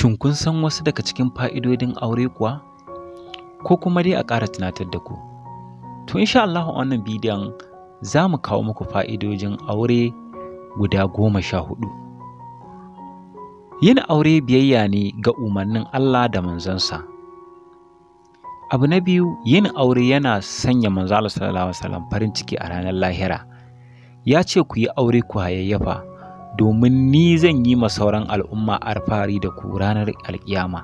Shin kun san wasu daga cikin fa'idodin aure kuwa? Ko kuma dai a ƙara tunatar da ku? To, insha Allah a wannan bidiyon za mu kawo muku fa'idojin aure guda goma sha hudu. Yin aure biyayya ne ga umarnin Allah da manzansa. Abu na biyu yin aure yana sanya manzo sallallahu alaihi wasallam farin ciki a ranar lahira. Ya ce ku yi aure ku hayayyafa domin ni zan yi ma sauran al'umma alfahari da ku ranar alkiyama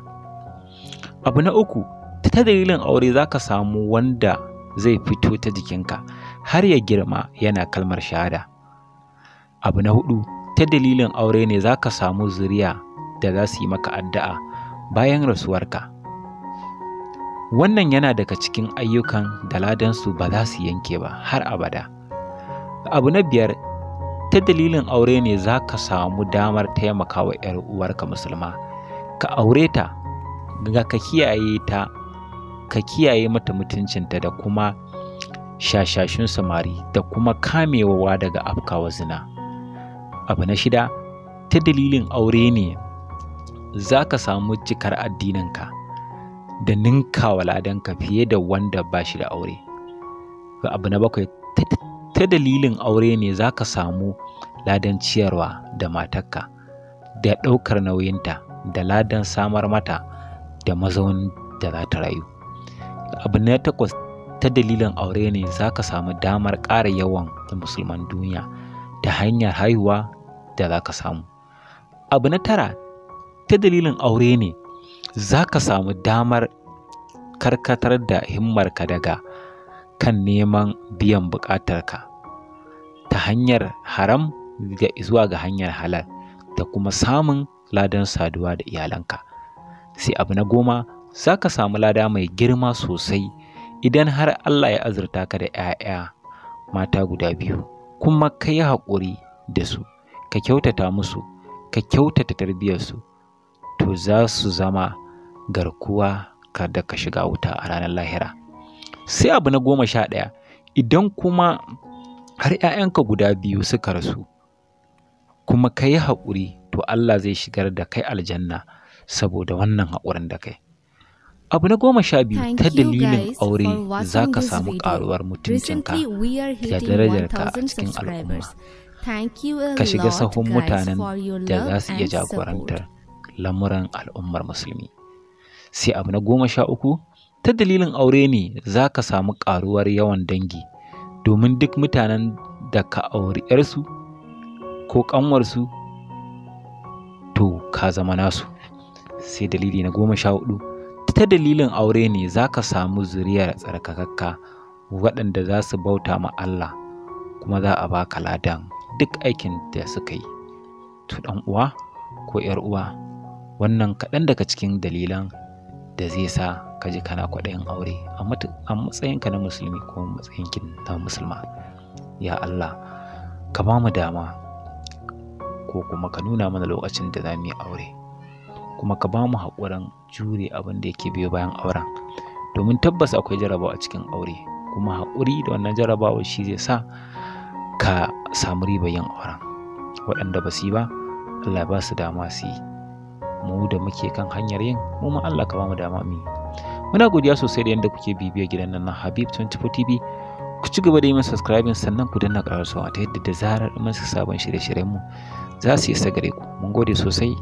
abu na uku ta dalilin aure za ka samu wanda zai fito ta jikinka har ya girma yana kalmar shahada abu na hudu ta dalilin aure ne za ka samu zuriya da za su yi maka addu'a bayan rasuwarka wannan yana daga cikin ayyukan da ladansu ba za su yanke ba har abada abu na biyar ta dalilin aure ne za ka samu damar taimakawa 'yar uwarka musulma ka aure ta ga ka kiyaye ta ka kiyaye mata mutuncinta da kuma shashashun samari da kuma kamewa daga afkawa zina abu na shida ta dalilin aure ne za ka samu cikar addininka da ninka waladanka fiye da wanda ba shi da aure abu na bakwai ta dalilin aure ne za ka samu ladan ciyarwa da matakka, da ɗaukar nauyinta da ladan samar mata da mazaunin da za ta rayu abu na takwas ta dalilin aure ne za ka samu damar ƙara yawan musulman duniya ta hanyar haihuwa da za ka samu abu na tara ta dalilin aure ne za ka samu damar karkatar da himmarka daga kan neman biyan buƙatarka ta hanyar haram zuwa ga hanyar halal da kuma samun ladan saduwa da iyalanka sai abu na goma za ka samu lada mai girma sosai idan har Allah ya azurta ka da 'ya'ya mata guda biyu kuma ka yi haƙuri da su ka kyautata musu ka kyautata tarbiyyarsu to za su zama garkuwa kada ka shiga wuta a ranar lahira. sai abu na goma sha ɗaya idan kuma har 'ya'yanka guda biyu suka rasu kuma ka yi haƙuri to Allah zai shigar da kai aljanna saboda wannan haƙurin da kai abu na goma sha biyu ta dalilin aure za ka samu ƙaruwar mutuncinka da darajarka a cikin al'umma ka shiga sahun mutanen da za su iya jagorantar lamuran al'ummar musulmi sai abu na goma sha uku ta dalilin aure ne za ka samu ƙaruwar yawan dangi domin duk mutanen da ka auri 'yarsu ko ƙanwarsu to ka zama nasu sai dalili na goma sha hudu ta dalilin aure ne za ka samu zuriyar tsarkakakka waɗanda za su bauta ma Allah kuma za a ba ka ladan duk aikin da suka yi to uwa ko 'yar uwa wannan kaɗan daga cikin dalilan da zai sa ka ji kana kwaɗayin aure a matsayinka na musulmi ko kin na musulma ya Allah ka ba mu dama ko kuma ka nuna mana lokacin da za mu yi aure kuma ka ba mu haƙurin jure abin da yake biyo bayan auren domin tabbas akwai jarabawa a cikin aure kuma haƙuri da wannan jarabawa shi zai sa ka samu riba yin auren waɗanda ba su yi ba Allah ba su dama su yi mu da muke kan hanyar yin mu ma Allah ka ba mu dama mu muna godiya sosai da yadda kuke bibiya gidan nan na Habib 24 TV ku ci gaba da yi min subscribing sannan ku danna ƙarar sawa ta yadda da zarar mun sabon shirye-shiryen mu za su isa sagare ku mun gode sosai